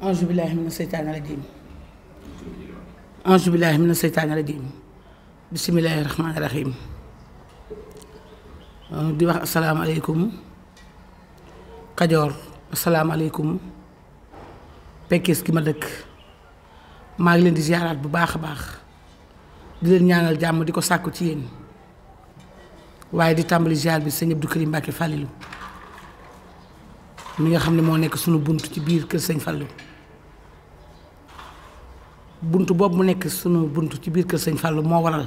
ange billahi mina seytaani rajim ange billahi mina seytaani rajim bismillahi rahmaani rahim di wax asalaamaaleykum kajoor asalaamaaleykum pekkis gi ma dëkk maa ngi leen di ziaraat bu baax a baax di leen ñaanal jàmm di ko sàkku ci yéen waaye di tàmbali ziar bi sëñ Abdou Karim Mbacke Fallilou mi nga xam ne moo nekk sunu bunt ci biir kër sëñ Fallou bunt boobu mu nekk sunu bunt ci biir kër sëñ Fallou moo waral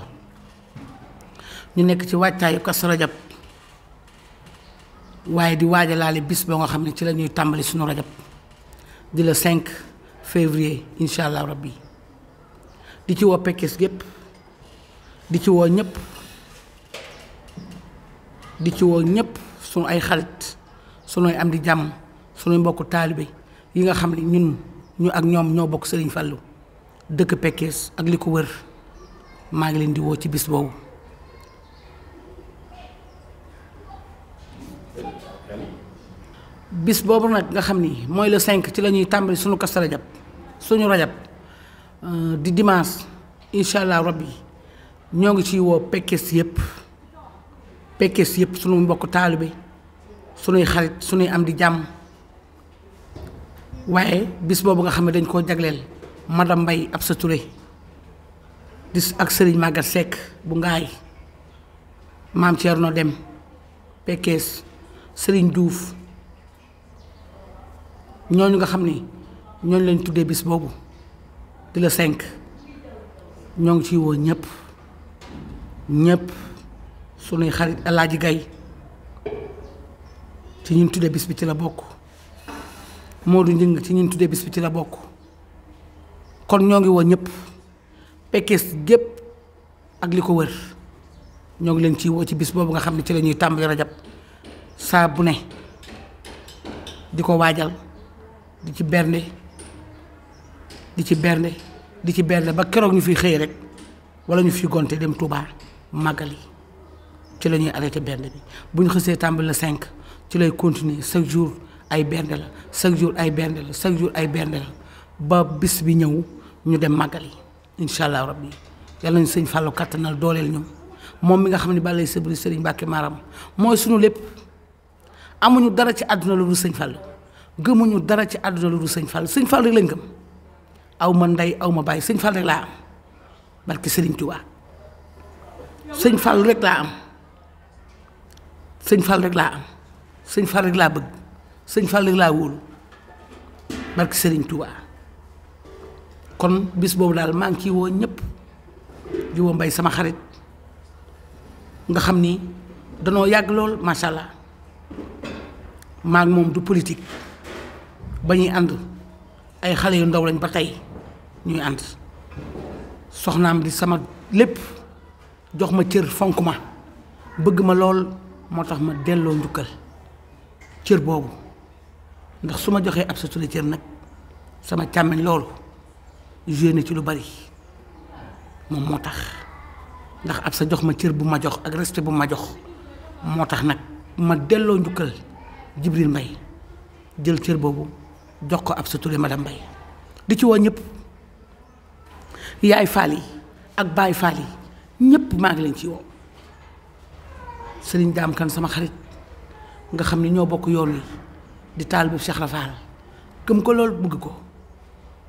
ñu nekk ci waajtaayu Kazu Rajab waaye di waajalaale bis boo nga xam ne ci la ñuy tàmbali sunu rajab di le 5 février incha allah rabbi di ci woo pekkes gépp di ci woo ñëpp di ci woo ñëpp sunu ay xarit sunuy am di jàmm sunuy mbokku taalibe yi nga xam ne ñun ñu ak ñoom ñoo bokk Serigne fàll dëkk Pekes ak li ko wër maa ngi leen di woo ci bis boobu bis boobu nag nga xam ni mooy le 5 ci la ñuy tàmbali suñu kastu rajab suñu rajab euh, di dimanche incha allah rabbi ñoo ngi ciy woo Pekes yëpp Pekes yëpp suñu mbokk taalibe suñuy xarit suñuy am di jàmm waaye bis boobu nga xam ne dañ koo jagleel madame Mbaye Absa Touré di ak sëriñ Maguette Seck bu Ngaay maam Thierno Dem Pekes sëriñ duuf ñooñu nga xam ni ñooñu leen tuddee bis boobu di la cinq ñoo ngi ciy woo ñëpp ñëpp sunuy xarit Alaaji Gay ci ñun tuddee bis bi ci la bokk moo Modou Njëng ci ñun tuddee bis bi ci la bokk kon ñoo ngi woon ñëpp Pekes gépp ak li ko wër ñoo ngi leen ci woo ci bis boobu nga xam ne ci la ñuy tàmbali rajab saa bu ne di ko waajal di ci bernde di ci bernde di ci bernde ba keroog ñu fi xëyee rek wala ñu fi gonte dem Touba màggal yi ci la ñuy arrêté bernde bi bu ñu xësee tàmbali la cinq ci lay continuer chaque jour ay bernde la chaque jour ay bernde la chaque jour ay bernde la ba bis bi ñëw ñu dem màggal yi incha allah rabbi yàlla nañu sëñ Fallou kattanal dooleel ñu moom mi nga xam ne balay sëbri sëriñ Mbàkke Maram mooy suñu lépp amuñu dara ci àdduna lu dul sëñ Fallou gëmuñu dara ci àdduna lu dul sëñ Fallou sëñ Fallou rek lañ gëm aw ma ndey aw ma bàyyi sëñ Fallou laa am barki sëriñ Tuubaa sëñ Fallou rek am sëñ Fallou rek laa am sëñ Fallou rek laa bëgg sëñ Fallou rek laa barki sëriñ Tuubaa kon bis boobu daal maa ngi ciy woo ñëpp di mbay sama xarit nga xam ni danoo yàgg lool macha allah maa moom du politique ba ñuy ànd ay xale yu ndaw lañ ba tey ñuy ànd soxnaam di sama lépp jox ma cër fonk ma bëgg ma lool moo tax ma delloo njukkal cër boobu ndax su ma joxee ab sa cër nag sama càmmiñ loolu génne ci lu bari moom moo tax ndax ab sa jox ma cër bu ma jox ak respect bu ma jox moo tax nag ma delloo njukkal Jibril Mbay jël cër boobu jox ko ab sa Touré madame Mbay di ci woo ñëpp yaay faal yi ak baay faal yi ñëpp maa ngi leen ci woo sëriñ daam kan sama xarit nga xam ni ñoo bokk yoon wi di taal bu Cheikh Rafaal gëm ko lool bugg ko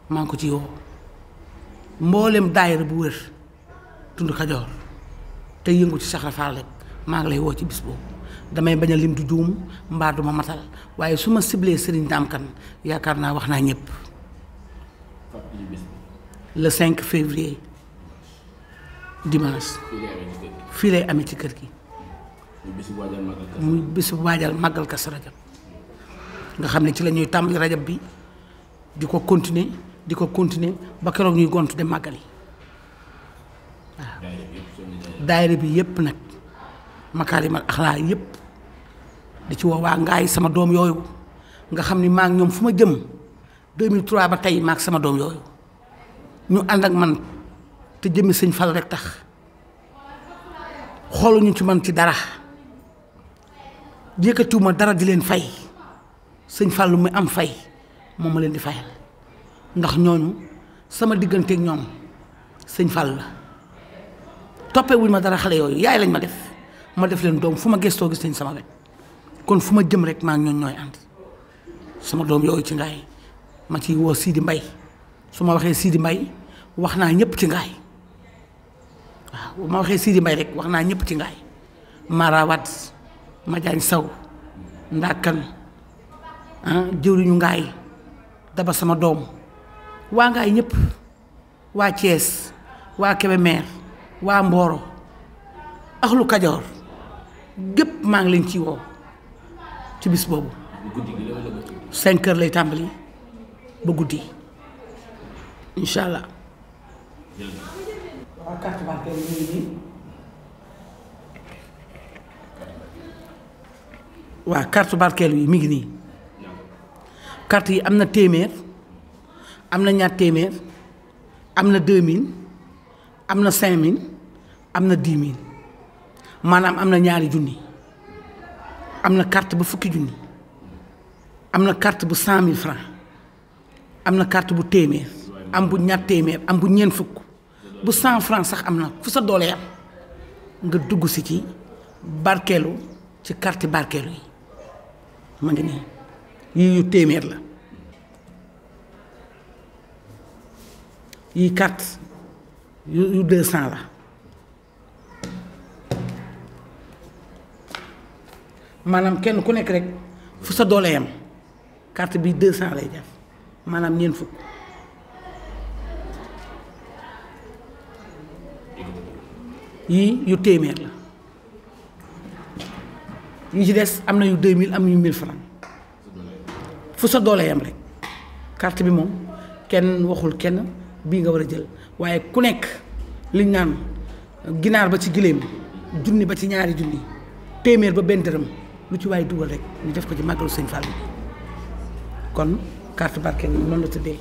maa ngi ko ci woo mboolem daayira bu wër tund kajoor te yëngu ci Cheikh Rafaal rek maa ngi lay woo ci bis boobu damay bañ lim du juum mbaa du ma matal waaye su ma siblee Serigne Dame Kane yaakaar naa wax naa ñëpp. le cinq février dimanche. fii lay amee ci kër gi. muy bisu waajal màggal Kazu Rajab nga xam ne ci la ñuy tàmbali rajab bi di ko continuer. di ko continuer ba keroog ñuy gont dem màggali waaw daayira bi yëpp nag makaarimal axlaa yëpp di ci wax waa ngaay sama doom yooyu nga xam ni maa ngi ñoom fu ma jëm 2003 ba tey maag sama doom yooyu ñu ànd ak man te jëmmi sëñ fal rek tax xooluñu ci man ci dara yëkkatiwuma dara di leen fay sëñ fal lu muy am fay moom ma leen di fayal ndax ñooñu sama digganteeg ñoom sëñ Fall la toppee wuñ ma dara xale yooyu yaay lañ ma def ma def leen doom fu ma gëstoo gis nañ sama wet kon fu ma jëm rek maa ngi ñooñ ñooy ànd sama doom yooyu ci ngaay ma ciy woo Sidi Mbay su ma waxee Sidi Mbay wax naa ñëpp ci ngaay waaw ma waxee Sidi Mbay rek wax naa ñëpp ci ngaay Marawat Majaañ Saw Ndakan ah jëwriñu ngaay daba sama doom. waa ngaay ñëpp waa Thiès waa Kébémer waa Mboro ak lu Kajoor gépp maa ngi leen ci woo ci bis boobu. cinq heures lay tàmbali ba guddi incha allah. waa carte bancaire yi ñu ngi nii waaw mi ngi nii carte yi am na téeméer. am na ñaar téeméer am na deux mille am na cinq mille am na dix mille maanaam am na ñaari junni am na carte bu fukki junni am na carte bu cent mille francs am na carte bu téeméer am bu ñaar téeméer am bu ñeent fukk bu cent francs sax am na fu sa doole nga dugg si ci barkeelu ci carte barkeelu yi ma ngi nii yii yu téeméer la yi quatre yu deux cent la maanaam kenn ku nekk rek fu sa doole yam carte bi deux cent lay def maanaam ñeent fukk yii yu téeméer la yu ci des am na yu deux mille am yu mille francs fu sa doole yam rek carte bi moom kenn waxul kenn bii nga war a jël waaye ku nekk liñ naan ginaar ba ci giléem junni ba ci ñaari junni téeméer ba benn dërëm lu ci waaye dugal rek ñu def ko ci màggalu sëñ Fall kon kart barke noonu la tëddee.